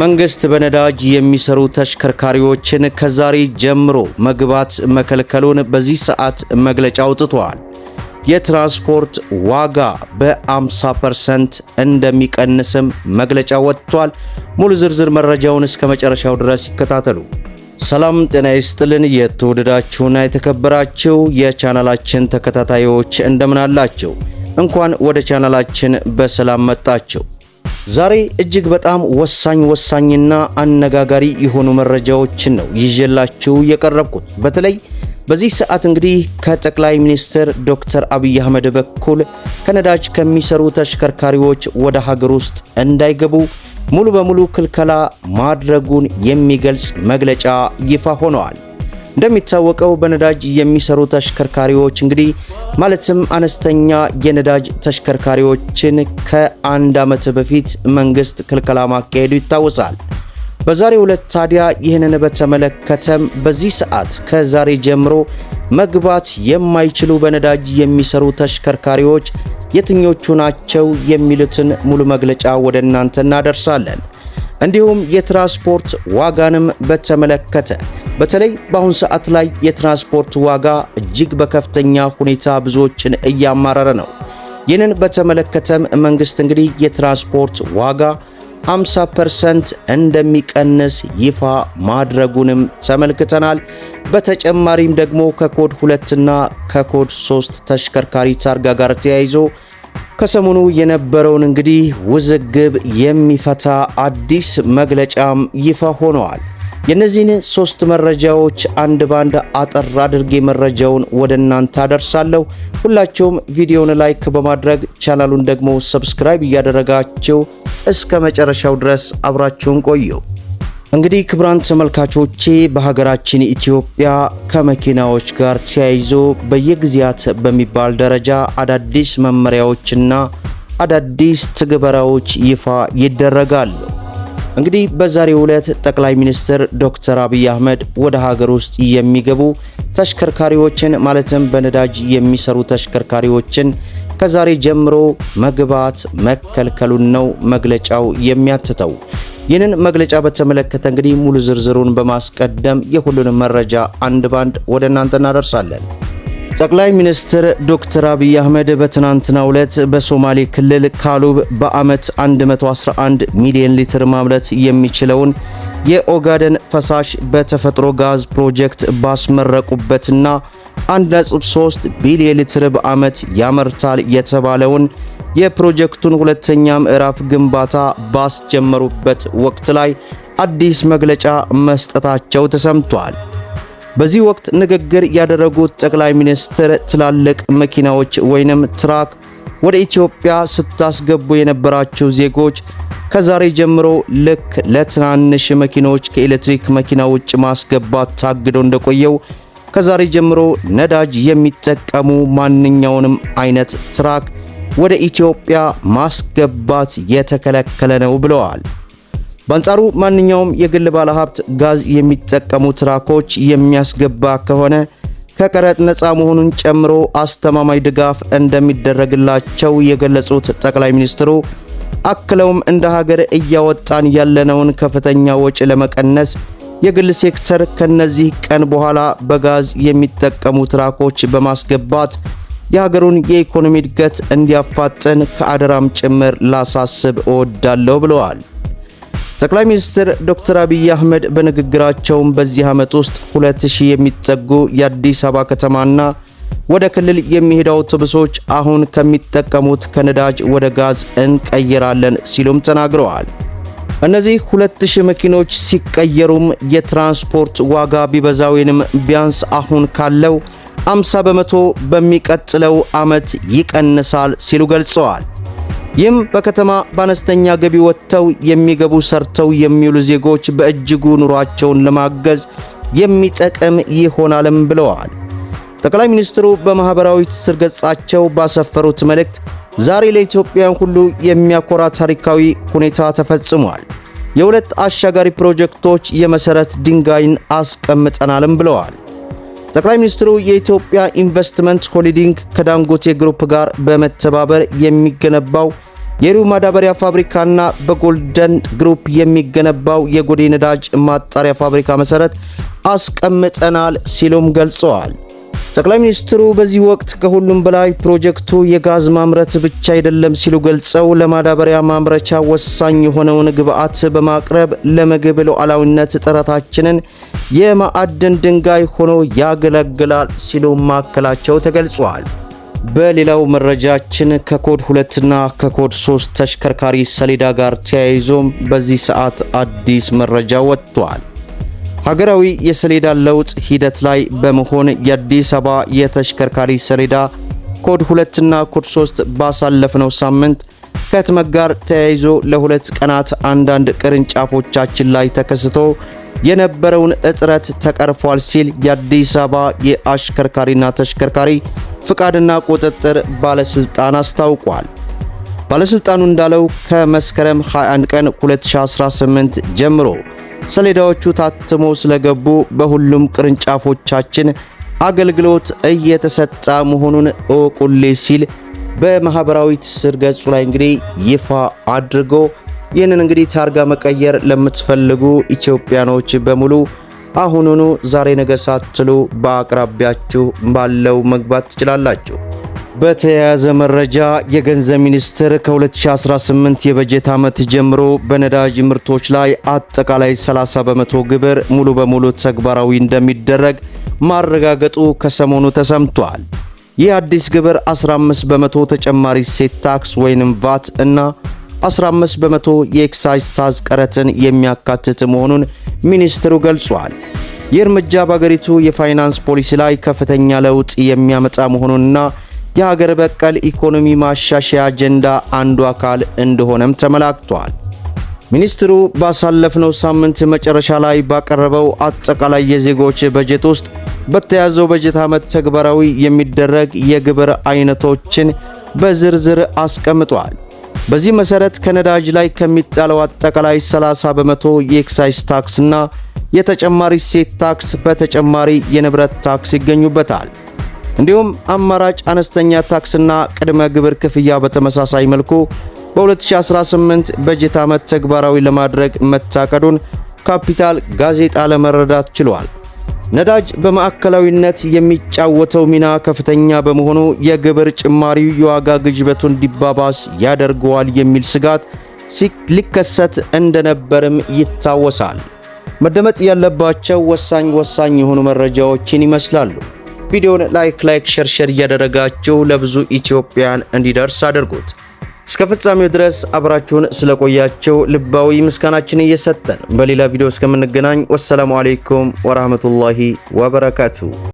መንግስት በነዳጅ የሚሰሩ ተሽከርካሪዎችን ከዛሬ ጀምሮ መግባት መከልከሉን በዚህ ሰዓት መግለጫ አውጥቷል። የትራንስፖርት ዋጋ በ50 እንደሚቀንስም መግለጫ ወጥቷል። ሙሉ ዝርዝር መረጃውን እስከ መጨረሻው ድረስ ይከታተሉ። ሰላም ጤና ይስጥልን። የተወደዳችሁና የተከበራችሁ የቻናላችን ተከታታዮች እንደምን አላችሁ? እንኳን ወደ ቻናላችን በሰላም መጣችሁ። ዛሬ እጅግ በጣም ወሳኝ ወሳኝና አነጋጋሪ የሆኑ መረጃዎችን ነው ይዤላችሁ የቀረብኩት። በተለይ በዚህ ሰዓት እንግዲህ ከጠቅላይ ሚኒስትር ዶክተር አብይ አህመድ በኩል ከነዳጅ ከሚሰሩ ተሽከርካሪዎች ወደ ሀገር ውስጥ እንዳይገቡ ሙሉ በሙሉ ክልከላ ማድረጉን የሚገልጽ መግለጫ ይፋ ሆነዋል። እንደሚታወቀው በነዳጅ የሚሰሩ ተሽከርካሪዎች እንግዲህ ማለትም አነስተኛ የነዳጅ ተሽከርካሪዎችን ከአንድ ዓመት በፊት መንግስት ክልከላ ማካሄዱ ይታወሳል። በዛሬው ዕለት ታዲያ ይህንን በተመለከተም በዚህ ሰዓት ከዛሬ ጀምሮ መግባት የማይችሉ በነዳጅ የሚሰሩ ተሽከርካሪዎች የትኞቹ ናቸው የሚሉትን ሙሉ መግለጫ ወደ እናንተ እናደርሳለን። እንዲሁም የትራንስፖርት ዋጋንም በተመለከተ በተለይ በአሁን ሰዓት ላይ የትራንስፖርት ዋጋ እጅግ በከፍተኛ ሁኔታ ብዙዎችን እያማረረ ነው። ይህንን በተመለከተም መንግስት እንግዲህ የትራንስፖርት ዋጋ 50% እንደሚቀንስ ይፋ ማድረጉንም ተመልክተናል። በተጨማሪም ደግሞ ከኮድ 2 እና ከኮድ 3 ተሽከርካሪ ታርጋ ጋር ተያይዞ ከሰሞኑ የነበረውን እንግዲህ ውዝግብ የሚፈታ አዲስ መግለጫም ይፋ ሆነዋል። የእነዚህን ሶስት መረጃዎች አንድ ባንድ አጠር አድርጌ መረጃውን ወደ እናንተ አደርሳለሁ። ሁላችሁም ቪዲዮውን ላይክ በማድረግ ቻናሉን ደግሞ ሰብስክራይብ እያደረጋችሁ እስከ መጨረሻው ድረስ አብራችሁን ቆዩ። እንግዲህ ክቡራን ተመልካቾቼ በሀገራችን ኢትዮጵያ ከመኪናዎች ጋር ተያይዞ በየጊዜያት በሚባል ደረጃ አዳዲስ መመሪያዎችና አዳዲስ ትግበራዎች ይፋ ይደረጋሉ። እንግዲህ በዛሬው ዕለት ጠቅላይ ሚኒስትር ዶክተር አብይ አህመድ ወደ ሀገር ውስጥ የሚገቡ ተሽከርካሪዎችን ማለትም በነዳጅ የሚሰሩ ተሽከርካሪዎችን ከዛሬ ጀምሮ መግባት መከልከሉን ነው መግለጫው የሚያትተው። ይህንን መግለጫ በተመለከተ እንግዲህ ሙሉ ዝርዝሩን በማስቀደም የሁሉንም መረጃ አንድ ባንድ ወደ እናንተ እናደርሳለን። ጠቅላይ ሚኒስትር ዶክተር አብይ አህመድ በትናንትናው ዕለት በሶማሌ ክልል ካሉብ በዓመት 111 ሚሊዮን ሊትር ማምረት የሚችለውን የኦጋደን ፈሳሽ በተፈጥሮ ጋዝ ፕሮጀክት ባስመረቁበትና 1.3 ቢሊዮን ሊትር በዓመት ያመርታል የተባለውን የፕሮጀክቱን ሁለተኛ ምዕራፍ ግንባታ ባስጀመሩበት ወቅት ላይ አዲስ መግለጫ መስጠታቸው ተሰምቷል። በዚህ ወቅት ንግግር ያደረጉት ጠቅላይ ሚኒስትር ትላልቅ መኪናዎች ወይንም ትራክ ወደ ኢትዮጵያ ስታስገቡ የነበራቸው ዜጎች ከዛሬ ጀምሮ ልክ ለትናንሽ መኪናዎች ከኤሌክትሪክ መኪና ውጭ ማስገባት ታግደው እንደቆየው ከዛሬ ጀምሮ ነዳጅ የሚጠቀሙ ማንኛውንም አይነት ትራክ ወደ ኢትዮጵያ ማስገባት የተከለከለ ነው ብለዋል። በአንጻሩ ማንኛውም የግል ባለሀብት ጋዝ የሚጠቀሙ ትራኮች የሚያስገባ ከሆነ ከቀረጥ ነፃ መሆኑን ጨምሮ አስተማማኝ ድጋፍ እንደሚደረግላቸው የገለጹት ጠቅላይ ሚኒስትሩ አክለውም እንደ ሀገር እያወጣን ያለነውን ከፍተኛ ወጪ ለመቀነስ የግል ሴክተር ከነዚህ ቀን በኋላ በጋዝ የሚጠቀሙ ትራኮች በማስገባት የሀገሩን የኢኮኖሚ እድገት እንዲያፋጥን ከአደራም ጭምር ላሳስብ እወዳለሁ ብለዋል። ጠቅላይ ሚኒስትር ዶክተር አብይ አህመድ በንግግራቸውም በዚህ ዓመት ውስጥ 2000 የሚጠጉ የአዲስ አበባ ከተማና ወደ ክልል የሚሄዱ አውቶቡሶች አሁን ከሚጠቀሙት ከነዳጅ ወደ ጋዝ እንቀይራለን ሲሉም ተናግረዋል። እነዚህ 2000 መኪኖች ሲቀየሩም የትራንስፖርት ዋጋ ቢበዛ ወይንም ቢያንስ አሁን ካለው 50 በመቶ በሚቀጥለው ዓመት ይቀንሳል ሲሉ ገልጸዋል። ይህም በከተማ በአነስተኛ ገቢ ወጥተው የሚገቡ ሰርተው የሚውሉ ዜጎች በእጅጉ ኑሯቸውን ለማገዝ የሚጠቅም ይሆናልም ብለዋል። ጠቅላይ ሚኒስትሩ በማኅበራዊ ትስስር ገጻቸው ባሰፈሩት መልእክት ዛሬ ለኢትዮጵያን ሁሉ የሚያኮራ ታሪካዊ ሁኔታ ተፈጽሟል። የሁለት አሻጋሪ ፕሮጀክቶች የመሠረት ድንጋይን አስቀምጠናልም ብለዋል። ጠቅላይ ሚኒስትሩ የኢትዮጵያ ኢንቨስትመንት ሆልዲንግ ከዳንጎቴ ግሩፕ ጋር በመተባበር የሚገነባው የሪው ማዳበሪያ ፋብሪካና በጎልደን ግሩፕ የሚገነባው የጎዴ ነዳጅ ማጣሪያ ፋብሪካ መሰረት አስቀምጠናል ሲሉም ገልጸዋል። ጠቅላይ ሚኒስትሩ በዚህ ወቅት ከሁሉም በላይ ፕሮጀክቱ የጋዝ ማምረት ብቻ አይደለም ሲሉ ገልጸው ለማዳበሪያ ማምረቻ ወሳኝ የሆነውን ግብዓት በማቅረብ ለምግብ ሉዓላዊነት ጥረታችንን የማዕድን ድንጋይ ሆኖ ያገለግላል ሲሉ ማከላቸው ተገልጿል። በሌላው መረጃችን ከኮድ ሁለትና ከኮድ ሶስት ተሽከርካሪ ሰሌዳ ጋር ተያይዞም በዚህ ሰዓት አዲስ መረጃ ወጥቷል። ሀገራዊ የሰሌዳ ለውጥ ሂደት ላይ በመሆን የአዲስ አበባ የተሽከርካሪ ሰሌዳ ኮድ 2 እና ኮድ 3 ባሳለፍነው ሳምንት ከህትመት ጋር ተያይዞ ለሁለት ቀናት አንዳንድ ቅርንጫፎቻችን ላይ ተከስቶ የነበረውን እጥረት ተቀርፏል ሲል የአዲስ አበባ የአሽከርካሪና ተሽከርካሪ ፍቃድና ቁጥጥር ባለስልጣን አስታውቋል። ባለስልጣኑ እንዳለው ከመስከረም 21 ቀን 2018 ጀምሮ ሰሌዳዎቹ ታትሞ ስለገቡ በሁሉም ቅርንጫፎቻችን አገልግሎት እየተሰጠ መሆኑን እወቁልኝ ሲል በማህበራዊ ትስስር ገጹ ላይ እንግዲህ ይፋ አድርጎ ይህንን እንግዲህ ታርጋ መቀየር ለምትፈልጉ ኢትዮጵያኖች በሙሉ አሁኑኑ ዛሬ ነገ ሳትሉ በአቅራቢያችሁ ባለው መግባት ትችላላችሁ። በተያያዘ መረጃ የገንዘብ ሚኒስቴር ከ2018 የበጀት ዓመት ጀምሮ በነዳጅ ምርቶች ላይ አጠቃላይ 30 በመቶ ግብር ሙሉ በሙሉ ተግባራዊ እንደሚደረግ ማረጋገጡ ከሰሞኑ ተሰምቷል። ይህ አዲስ ግብር 15 በመቶ ተጨማሪ ሴት ታክስ ወይንም ቫት እና 15 በመቶ የኤክሳይዝ ታክስ ቀረጥን የሚያካትት መሆኑን ሚኒስትሩ ገልጿል። ይህ እርምጃ በአገሪቱ የፋይናንስ ፖሊሲ ላይ ከፍተኛ ለውጥ የሚያመጣ መሆኑንና የሀገር በቀል ኢኮኖሚ ማሻሻያ አጀንዳ አንዱ አካል እንደሆነም ተመላክቷል። ሚኒስትሩ ባሳለፍነው ሳምንት መጨረሻ ላይ ባቀረበው አጠቃላይ የዜጎች በጀት ውስጥ በተያዘው በጀት ዓመት ተግባራዊ የሚደረግ የግብር አይነቶችን በዝርዝር አስቀምጧል። በዚህ መሠረት ከነዳጅ ላይ ከሚጣለው አጠቃላይ 30 በመቶ የኤክሳይዝ ታክስና የተጨማሪ ሴት ታክስ በተጨማሪ የንብረት ታክስ ይገኙበታል። እንዲሁም አማራጭ አነስተኛ ታክስና ቅድመ ግብር ክፍያ በተመሳሳይ መልኩ በ2018 በጀት ዓመት ተግባራዊ ለማድረግ መታቀዱን ካፒታል ጋዜጣ ለመረዳት ችሏል። ነዳጅ በማዕከላዊነት የሚጫወተው ሚና ከፍተኛ በመሆኑ የግብር ጭማሪው የዋጋ ግሽበቱ እንዲባባስ ያደርገዋል የሚል ስጋት ሊከሰት እንደነበርም ይታወሳል። መደመጥ ያለባቸው ወሳኝ ወሳኝ የሆኑ መረጃዎችን ይመስላሉ። ቪዲዮውን ላይክ ላይክ ሸር ሸር እያደረጋችሁ ለብዙ ኢትዮጵያን እንዲደርስ አድርጉት። እስከ ፍጻሜው ድረስ አብራችሁን ስለቆያችሁ ልባዊ ምስጋናችን እየሰጠን በሌላ ቪዲዮ እስከምንገናኝ ወሰላሙ አሌይኩም ወራህመቱላሂ ወበረካቱ።